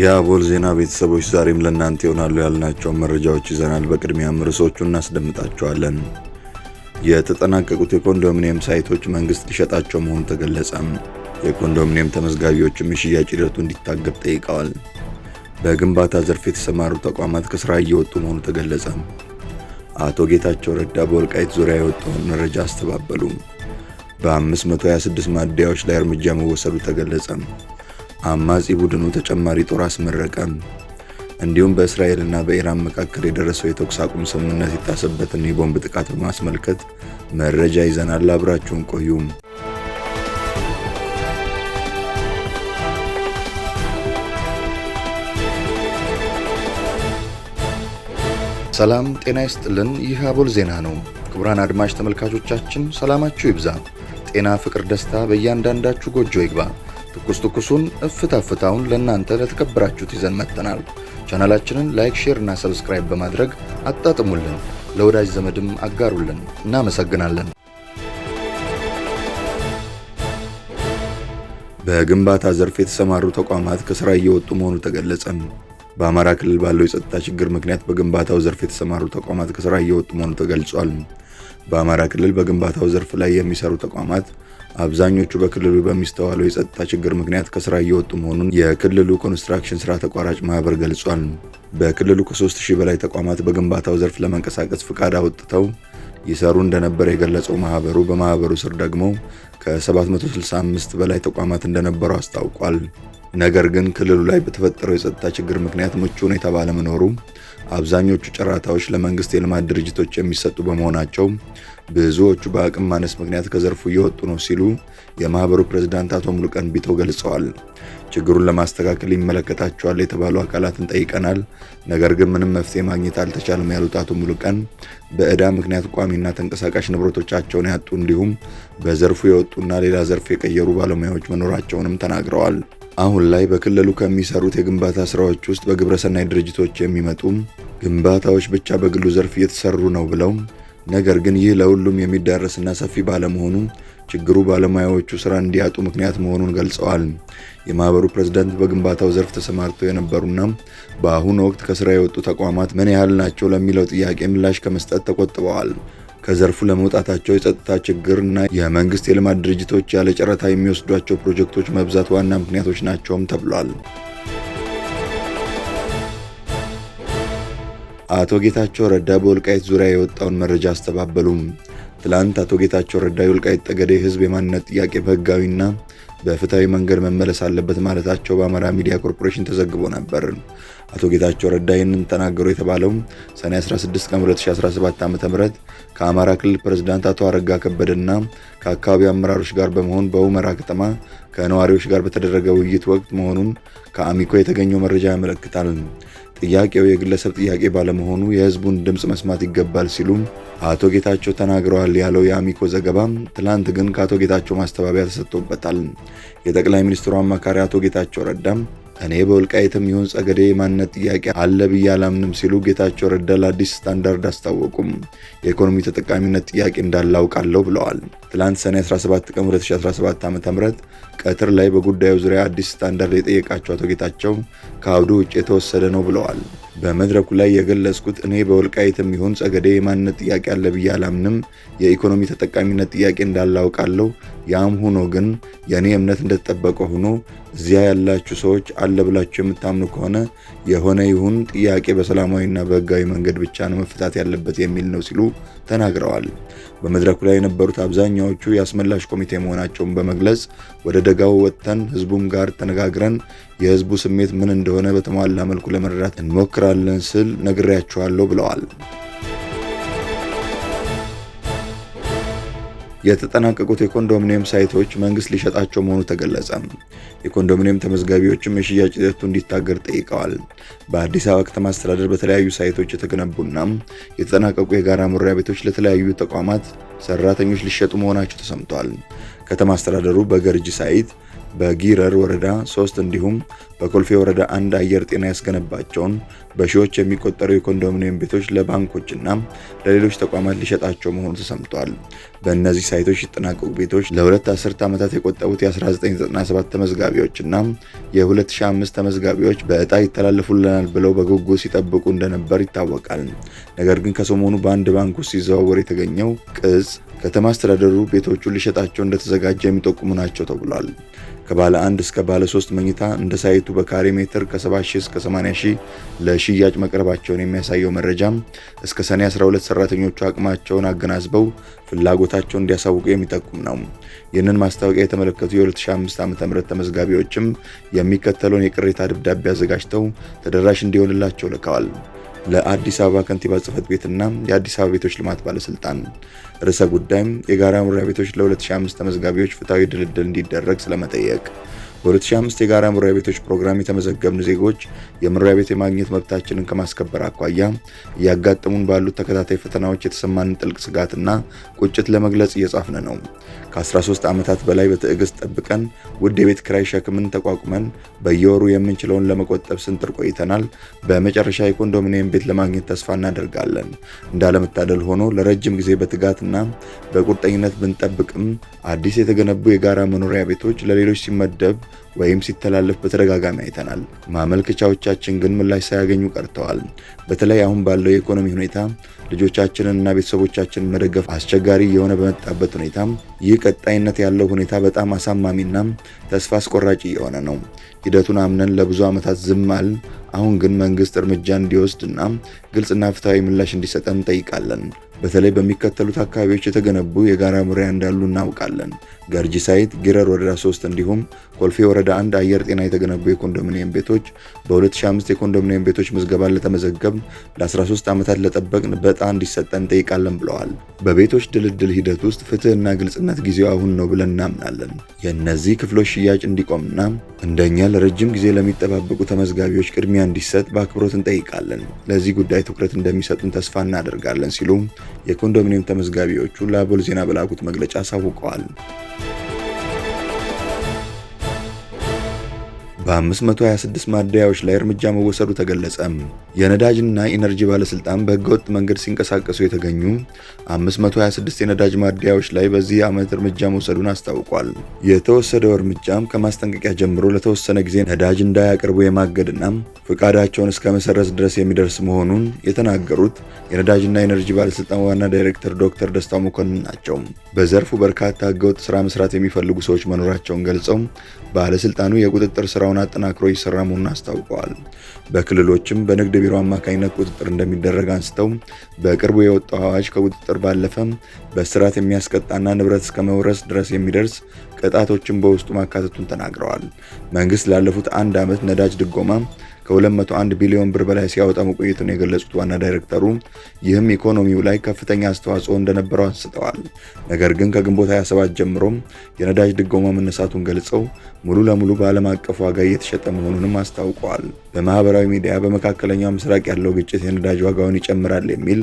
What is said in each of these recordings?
የአቦል ዜና ቤተሰቦች ዛሬም ለእናንተ ይሆናሉ ያልናቸውን መረጃዎች ይዘናል። በቅድሚያም ርዕሶቹ እናስደምጣቸዋለን። የተጠናቀቁት የኮንዶሚኒየም ሳይቶች መንግስት ሊሸጣቸው መሆኑ ተገለጸም። የኮንዶሚኒየም ተመዝጋቢዎችም የሽያጭ ሂደቱ እንዲታገብ ጠይቀዋል። በግንባታ ዘርፍ የተሰማሩ ተቋማት ከስራ እየወጡ መሆኑ ተገለጸ። አቶ ጌታቸው ረዳ በወልቃይት ዙሪያ የወጣውን መረጃ አስተባበሉ። በ526 ማደያዎች ላይ እርምጃ መወሰዱ ተገለጸ። አማጺ ቡድኑ ተጨማሪ ጦር አስመረቀ። እንዲሁም በእስራኤልና በኢራን መካከል የደረሰው የተኩስ አቁም ስምምነት የታሰበትን የቦምብ ጥቃት በማስመልከት መረጃ ይዘናል። አብራችሁን ቆዩ። ሰላም ጤና ይስጥልን። ይህ አቦል ዜና ነው። ክቡራን አድማጭ ተመልካቾቻችን ሰላማችሁ ይብዛ፣ ጤና፣ ፍቅር፣ ደስታ በእያንዳንዳችሁ ጎጆ ይግባ። ትኩስ ትኩሱን እፍታ ፍታውን ለእናንተ ለተከበራችሁት ይዘን መጥተናል። ቻናላችንን ላይክ፣ ሼር እና ሰብስክራይብ በማድረግ አጣጥሙልን፣ ለወዳጅ ዘመድም አጋሩልን። እናመሰግናለን። በግንባታ ዘርፍ የተሰማሩ ተቋማት ከስራ እየወጡ መሆኑ ተገለጸ። በአማራ ክልል ባለው የጸጥታ ችግር ምክንያት በግንባታው ዘርፍ የተሰማሩ ተቋማት ከስራ እየወጡ መሆኑ ተገልጿል። በአማራ ክልል በግንባታው ዘርፍ ላይ የሚሰሩ ተቋማት አብዛኞቹ በክልሉ በሚስተዋለው የጸጥታ ችግር ምክንያት ከስራ እየወጡ መሆኑን የክልሉ ኮንስትራክሽን ስራ ተቋራጭ ማህበር ገልጿል። በክልሉ ከ3000 በላይ ተቋማት በግንባታው ዘርፍ ለመንቀሳቀስ ፍቃድ አውጥተው ይሰሩ እንደነበረ የገለጸው ማህበሩ በማህበሩ ስር ደግሞ ከ765 በላይ ተቋማት እንደነበሩ አስታውቋል። ነገር ግን ክልሉ ላይ በተፈጠረው የጸጥታ ችግር ምክንያት ምቹ ሁኔታ ባለመኖሩ አብዛኞቹ ጨረታዎች ለመንግስት የልማት ድርጅቶች የሚሰጡ በመሆናቸው ብዙዎቹ በአቅም ማነስ ምክንያት ከዘርፉ እየወጡ ነው ሲሉ የማህበሩ ፕሬዝዳንት አቶ ሙሉቀን ቢተው ገልጸዋል። ችግሩን ለማስተካከል ይመለከታቸዋል የተባሉ አካላትን ጠይቀናል፣ ነገር ግን ምንም መፍትሄ ማግኘት አልተቻለም ያሉት አቶ ሙሉቀን በዕዳ ምክንያት ቋሚና ተንቀሳቃሽ ንብረቶቻቸውን ያጡ እንዲሁም በዘርፉ የወጡና ሌላ ዘርፍ የቀየሩ ባለሙያዎች መኖራቸውንም ተናግረዋል። አሁን ላይ በክልሉ ከሚሰሩት የግንባታ ስራዎች ውስጥ በግብረሰናይ ድርጅቶች የሚመጡ ግንባታዎች ብቻ በግሉ ዘርፍ እየተሰሩ ነው ብለው ነገር ግን ይህ ለሁሉም የሚዳረስና ሰፊ ባለመሆኑ ችግሩ ባለሙያዎቹ ስራ እንዲያጡ ምክንያት መሆኑን ገልጸዋል። የማህበሩ ፕሬዝዳንት በግንባታው ዘርፍ ተሰማርተው የነበሩና በአሁኑ ወቅት ከስራ የወጡ ተቋማት ምን ያህል ናቸው ለሚለው ጥያቄ ምላሽ ከመስጠት ተቆጥበዋል። ከዘርፉ ለመውጣታቸው የጸጥታ ችግር እና የመንግስት የልማት ድርጅቶች ያለ ጨረታ የሚወስዷቸው ፕሮጀክቶች መብዛት ዋና ምክንያቶች ናቸውም ተብሏል። አቶ ጌታቸው ረዳ በወልቃይት ዙሪያ የወጣውን መረጃ አስተባበሉም። ትላንት አቶ ጌታቸው ረዳ የወልቃይት ጠገዴ ህዝብ የማንነት ጥያቄ በህጋዊና በፍትሐዊ መንገድ መመለስ አለበት ማለታቸው በአማራ ሚዲያ ኮርፖሬሽን ተዘግቦ ነበር። አቶ ጌታቸው ረዳ ይህንን ተናገሩ የተባለው ሰኔ 16 ቀን 2017 ዓ.ም ከአማራ ክልል ፕሬዝዳንት አቶ አረጋ ከበደና ከአካባቢ አመራሮች ጋር በመሆን በውመራ ከተማ ከነዋሪዎች ጋር በተደረገ ውይይት ወቅት መሆኑን ከአሚኮ የተገኘው መረጃ ያመለክታል። ጥያቄው የግለሰብ ጥያቄ ባለመሆኑ የህዝቡን ድምፅ መስማት ይገባል ሲሉም አቶ ጌታቸው ተናግረዋል ያለው የአሚኮ ዘገባ፣ ትላንት ግን ከአቶ ጌታቸው ማስተባበያ ተሰጥቶበታል። የጠቅላይ ሚኒስትሩ አማካሪ አቶ ጌታቸው ረዳም እኔ በወልቃይትም ይሁን ጸገዴ የማንነት ጥያቄ አለ ብዬ አላምንም ሲሉ ጌታቸው ረዳ ለአዲስ ስታንዳርድ አስታወቁም። የኢኮኖሚ ተጠቃሚነት ጥያቄ እንዳላውቃለሁ ብለዋል። ትላንት ሰኔ 17 ቀን 2017 ዓ ም ቀትር ላይ በጉዳዩ ዙሪያ አዲስ ስታንዳርድ የጠየቃቸው አቶ ጌታቸው ከአውዱ ውጭ የተወሰደ ነው ብለዋል። በመድረኩ ላይ የገለጽኩት እኔ በወልቃይትም ይሁን ጸገዴ የማንነት ጥያቄ አለ ብዬ አላምንም። የኢኮኖሚ ተጠቃሚነት ጥያቄ እንዳላውቃለሁ ያም ሆኖ ግን የእኔ እምነት እንደተጠበቀ ሆኖ እዚያ ያላችሁ ሰዎች አለ ብላችሁ የምታምኑ ከሆነ የሆነ ይሁን ጥያቄ በሰላማዊና በህጋዊ መንገድ ብቻ ነው መፈታት ያለበት የሚል ነው ሲሉ ተናግረዋል። በመድረኩ ላይ የነበሩት አብዛኛዎቹ የአስመላሽ ኮሚቴ መሆናቸውን በመግለጽ ወደ ደጋው ወጥተን ህዝቡም ጋር ተነጋግረን የህዝቡ ስሜት ምን እንደሆነ በተሟላ መልኩ ለመረዳት እንሞክራለን ስል ነግሬያችኋለሁ ብለዋል። የተጠናቀቁት የኮንዶሚኒየም ሳይቶች መንግስት ሊሸጣቸው መሆኑ ተገለጸ። የኮንዶሚኒየም ተመዝጋቢዎችም የሽያጭ ሂደቱ እንዲታገር ጠይቀዋል። በአዲስ አበባ ከተማ አስተዳደር በተለያዩ ሳይቶች የተገነቡና የተጠናቀቁ የጋራ መኖሪያ ቤቶች ለተለያዩ ተቋማት ሰራተኞች ሊሸጡ መሆናቸው ተሰምቷል። ከተማ አስተዳደሩ በገርጂ ሳይት በጊረር ወረዳ 3 እንዲሁም በኮልፌ ወረዳ አንድ አየር ጤና ያስገነባቸውን በሺዎች የሚቆጠሩ የኮንዶሚኒየም ቤቶች ለባንኮችና ለሌሎች ተቋማት ሊሸጣቸው መሆኑ ተሰምቷል። በእነዚህ ሳይቶች ሲጠናቀቁ ቤቶች ለሁለት አስርተ ዓመታት የቆጠቡት የ1997 ተመዝጋቢዎችና የ2005 ተመዝጋቢዎች በእጣ ይተላለፉልናል ብለው በጉጉት ሲጠብቁ እንደነበር ይታወቃል። ነገር ግን ከሰሞኑ በአንድ ባንክ ውስጥ ሲዘዋወር የተገኘው ቅጽ ከተማ አስተዳደሩ ቤቶቹን ሊሸጣቸው እንደተዘጋጀ የሚጠቁሙ ናቸው ተብሏል። ከባለ አንድ እስከ ባለ ሶስት መኝታ እንደ ሳይቱ በካሬ ሜትር ከ70 እስከ 80 ሺህ ለሽያጭ መቅረባቸውን የሚያሳየው መረጃም እስከ ሰኔ 12 ሰራተኞቹ አቅማቸውን አገናዝበው ፍላጎታቸውን እንዲያሳውቁ የሚጠቁም ነው። ይህንን ማስታወቂያ የተመለከቱ የ2005 ም ተመዝጋቢዎችም የሚከተለውን የቅሬታ ደብዳቤ አዘጋጅተው ተደራሽ እንዲሆንላቸው ልከዋል። ለአዲስ አበባ ከንቲባ ጽህፈት ቤትና የአዲስ አበባ ቤቶች ልማት ባለስልጣን። ርዕሰ ጉዳይም የጋራ መኖሪያ ቤቶች ለ2005 ተመዝጋቢዎች ፍትሐዊ ድልድል እንዲደረግ ስለመጠየቅ በ2005 የጋራ መኖሪያ ቤቶች ፕሮግራም የተመዘገብን ዜጎች የመኖሪያ ቤት የማግኘት መብታችንን ከማስከበር አኳያ እያጋጠሙን ባሉት ተከታታይ ፈተናዎች የተሰማንን ጥልቅ ስጋትና ቁጭት ለመግለጽ እየጻፍን ነው። ከ13 ዓመታት በላይ በትዕግስት ጠብቀን ውድ የቤት ክራይ ሸክምን ተቋቁመን በየወሩ የምንችለውን ለመቆጠብ ስንጥር ቆይተናል። በመጨረሻ የኮንዶሚኒየም ቤት ለማግኘት ተስፋ እናደርጋለን። እንዳለመታደል ሆኖ ለረጅም ጊዜ በትጋትና በቁርጠኝነት ብንጠብቅም አዲስ የተገነቡ የጋራ መኖሪያ ቤቶች ለሌሎች ሲመደብ ወይም ሲተላለፍ በተደጋጋሚ አይተናል። ማመልከቻዎቻችን ግን ምላሽ ሳያገኙ ቀርተዋል። በተለይ አሁን ባለው የኢኮኖሚ ሁኔታ ልጆቻችንን እና ቤተሰቦቻችንን መደገፍ አስቸጋሪ የሆነ በመጣበት ሁኔታ ይህ ቀጣይነት ያለው ሁኔታ በጣም አሳማሚና ተስፋ አስቆራጭ እየሆነ ነው። ሂደቱን አምነን ለብዙ ዓመታት ዝም አል። አሁን ግን መንግስት እርምጃ እንዲወስድ እና ግልጽና ፍትሐዊ ምላሽ እንዲሰጠን እንጠይቃለን። በተለይ በሚከተሉት አካባቢዎች የተገነቡ የጋራ መኖሪያ እንዳሉ እናውቃለን። ገርጂ ሳይት፣ ጊረር ወረዳ 3 እንዲሁም ኮልፌ ወረዳ 1 አየር ጤና የተገነቡ የኮንዶሚኒየም ቤቶች በ2005 የኮንዶሚኒየም ቤቶች ምዝገባን ለተመዘገብ ለ13 ዓመታት ለጠበቅን በጣ እንዲሰጠን እንጠይቃለን ብለዋል። በቤቶች ድልድል ሂደት ውስጥ ፍትህና ግልጽነት ጊዜው አሁን ነው ብለን እናምናለን። የእነዚህ ክፍሎች ሽያጭ እንዲቆምና እንደኛ ለረጅም ጊዜ ለሚጠባበቁ ተመዝጋቢዎች ቅድሚያ እንዲሰጥ በአክብሮት እንጠይቃለን። ለዚህ ጉዳይ ትኩረት እንደሚሰጡን ተስፋ እናደርጋለን ሲሉ የኮንዶሚኒየም ተመዝጋቢዎቹ ለአቦል ዜና በላኩት መግለጫ አሳውቀዋል። በ526 ማደያዎች ላይ እርምጃ መወሰዱ ተገለጸ። የነዳጅና ኢነርጂ ባለስልጣን በህገወጥ መንገድ ሲንቀሳቀሱ የተገኙ 526 የነዳጅ ማደያዎች ላይ በዚህ ዓመት እርምጃ መውሰዱን አስታውቋል። የተወሰደው እርምጃም ከማስጠንቀቂያ ጀምሮ ለተወሰነ ጊዜ ነዳጅ እንዳያቀርቡ የማገድና ፍቃዳቸውን እስከ መሰረዝ ድረስ የሚደርስ መሆኑን የተናገሩት የነዳጅና ኢነርጂ ባለስልጣን ዋና ዳይሬክተር ዶክተር ደስታው መኮንን ናቸው። በዘርፉ በርካታ ህገወጥ ስራ መስራት የሚፈልጉ ሰዎች መኖራቸውን ገልጸው ባለስልጣኑ የቁጥጥር ስራ ስራውን አጠናክሮ እየሰራ መሆኑን አስታውቀዋል። በክልሎችም በንግድ ቢሮ አማካኝነት ቁጥጥር እንደሚደረግ አንስተው በቅርቡ የወጣው አዋጅ ከቁጥጥር ባለፈ በስርዓት የሚያስቀጣና ንብረት እስከ መውረስ ድረስ የሚደርስ ቅጣቶችን በውስጡ ማካተቱን ተናግረዋል። መንግስት ላለፉት አንድ ዓመት ነዳጅ ድጎማ ከ201 ቢሊዮን ብር በላይ ሲያወጣ መቆየቱን የገለጹት ዋና ዳይሬክተሩ ይህም ኢኮኖሚው ላይ ከፍተኛ አስተዋጽኦ እንደነበረው አንስተዋል። ነገር ግን ከግንቦት 27 ጀምሮም የነዳጅ ድጎማ መነሳቱን ገልጸው ሙሉ ለሙሉ በዓለም አቀፍ ዋጋ እየተሸጠ መሆኑንም አስታውቀዋል። በማህበራዊ ሚዲያ በመካከለኛው ምስራቅ ያለው ግጭት የነዳጅ ዋጋውን ይጨምራል የሚል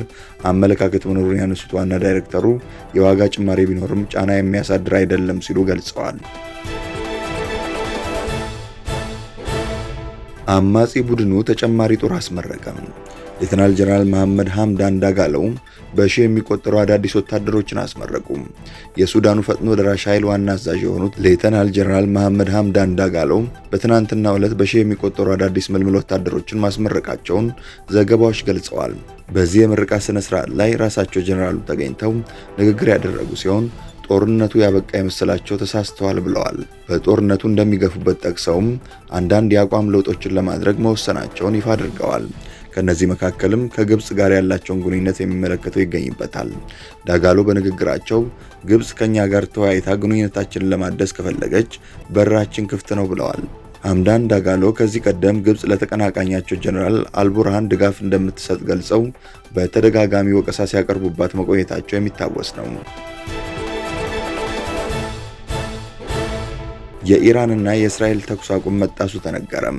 አመለካከት መኖሩን ያነሱት ዋና ዳይሬክተሩ የዋጋ ጭማሪ ቢኖርም ጫና የሚያሳድር አይደለም ሲሉ ገልጸዋል። አማጺ ቡድኑ ተጨማሪ ጦር አስመረቀም። ሌተናል ጀነራል መሐመድ ሐምዳን ዳጋለው በሺህ የሚቆጠሩ አዳዲስ ወታደሮችን አስመረቁም። የሱዳኑ ፈጥኖ ደራሽ ኃይል ዋና አዛዥ የሆኑት ሌተናል ጀነራል መሐመድ ሐምዳን ዳጋለው በትናንትናው ዕለት በሺህ የሚቆጠሩ አዳዲስ ምልምል ወታደሮችን ማስመረቃቸውን ዘገባዎች ገልጸዋል። በዚህ የምርቃት ስነ ስርዓት ላይ ራሳቸው ጀነራሉ ተገኝተው ንግግር ያደረጉ ሲሆን ጦርነቱ ያበቃ የመሰላቸው ተሳስተዋል ብለዋል። በጦርነቱ እንደሚገፉበት ጠቅሰውም አንዳንድ የአቋም ለውጦችን ለማድረግ መወሰናቸውን ይፋ አድርገዋል። ከነዚህ መካከልም ከግብፅ ጋር ያላቸውን ግንኙነት የሚመለከተው ይገኝበታል። ዳጋሎ በንግግራቸው ግብፅ ከኛ ጋር ተወያይታ ግንኙነታችንን ለማደስ ከፈለገች በራችን ክፍት ነው ብለዋል። አምዳን ዳጋሎ ከዚህ ቀደም ግብፅ ለተቀናቃኛቸው ጀኔራል አልቡርሃን ድጋፍ እንደምትሰጥ ገልጸው በተደጋጋሚ ወቀሳ ሲያቀርቡባት መቆየታቸው የሚታወስ ነው። የኢራንና የእስራኤል ተኩስ አቁም መጣሱ ተነገረም።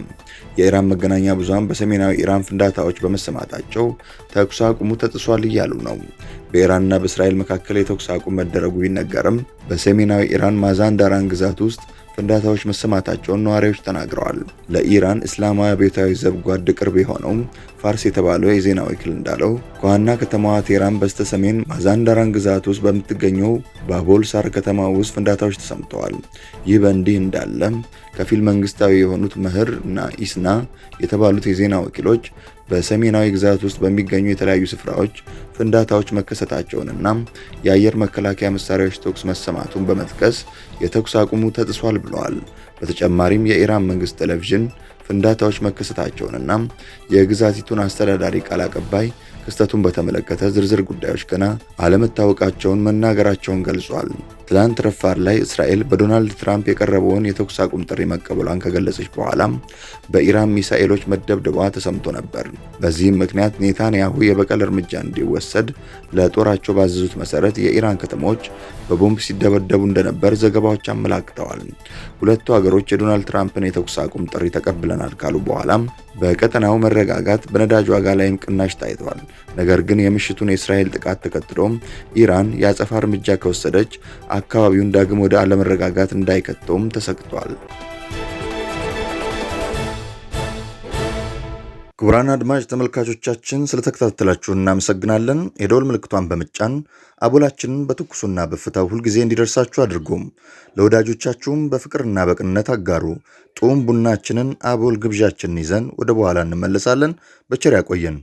የኢራን መገናኛ ብዙሃን በሰሜናዊ ኢራን ፍንዳታዎች በመሰማታቸው ተኩስ አቁሙ ተጥሷል እያሉ ነው። በኢራንና በእስራኤል መካከል የተኩስ አቁም መደረጉ ቢነገርም በሰሜናዊ ኢራን ማዛንዳራን ግዛት ውስጥ ፍንዳታዎች መሰማታቸውን ነዋሪዎች ተናግረዋል። ለኢራን እስላማዊ አብዮታዊ ዘብ ጓድ ቅርብ የሆነው ፋርስ የተባለው የዜና ወኪል እንዳለው ከዋና ከተማዋ ቴራን በስተ ሰሜን ማዛንዳራን ግዛት ውስጥ በምትገኘው ባቦል ሳር ከተማ ውስጥ ፍንዳታዎች ተሰምተዋል። ይህ በእንዲህ እንዳለም ከፊል መንግስታዊ የሆኑት መህር እና ኢስና የተባሉት የዜና ወኪሎች በሰሜናዊ ግዛት ውስጥ በሚገኙ የተለያዩ ስፍራዎች ፍንዳታዎች መከሰታቸውንና የአየር መከላከያ መሳሪያዎች ተኩስ መሰማቱን በመጥቀስ የተኩስ አቁሙ ተጥሷል ብለዋል። በተጨማሪም የኢራን መንግስት ቴሌቪዥን ፍንዳታዎች መከሰታቸውንና የግዛቲቱን አስተዳዳሪ ቃል አቀባይ ክስተቱን በተመለከተ ዝርዝር ጉዳዮች ገና አለመታወቃቸውን መናገራቸውን ገልጿል። ትላንት ረፋድ ላይ እስራኤል በዶናልድ ትራምፕ የቀረበውን የተኩስ አቁም ጥሪ መቀበሏን ከገለጸች በኋላም በኢራን ሚሳኤሎች መደብደቧ ተሰምቶ ነበር። በዚህም ምክንያት ኔታንያሁ የበቀል እርምጃ እንዲወሰድ ለጦራቸው ባዘዙት መሰረት የኢራን ከተሞች በቦምብ ሲደበደቡ እንደነበር ዘገባዎች አመላክተዋል። ሁለቱ ሀገሮች የዶናልድ ትራምፕን የተኩስ አቁም ጥሪ ተቀብለናል ካሉ በኋላም በቀጠናው መረጋጋት፣ በነዳጅ ዋጋ ላይም ቅናሽ ታይተዋል። ነገር ግን የምሽቱን የእስራኤል ጥቃት ተከትሎም ኢራን የአጸፋ እርምጃ ከወሰደች አካባቢውን ዳግም ወደ አለመረጋጋት እንዳይከተውም ተሰግቷል። ክቡራን አድማጭ ተመልካቾቻችን ስለተከታተላችሁ እናመሰግናለን። የደወል ምልክቷን በመጫን አቦላችንን በትኩሱና በእፍታው ሁልጊዜ እንዲደርሳችሁ አድርጎም ለወዳጆቻችሁም በፍቅርና በቅንነት አጋሩ። ጡም ቡናችንን አቦል ግብዣችንን ይዘን ወደ በኋላ እንመለሳለን። በቸር ያቆየን።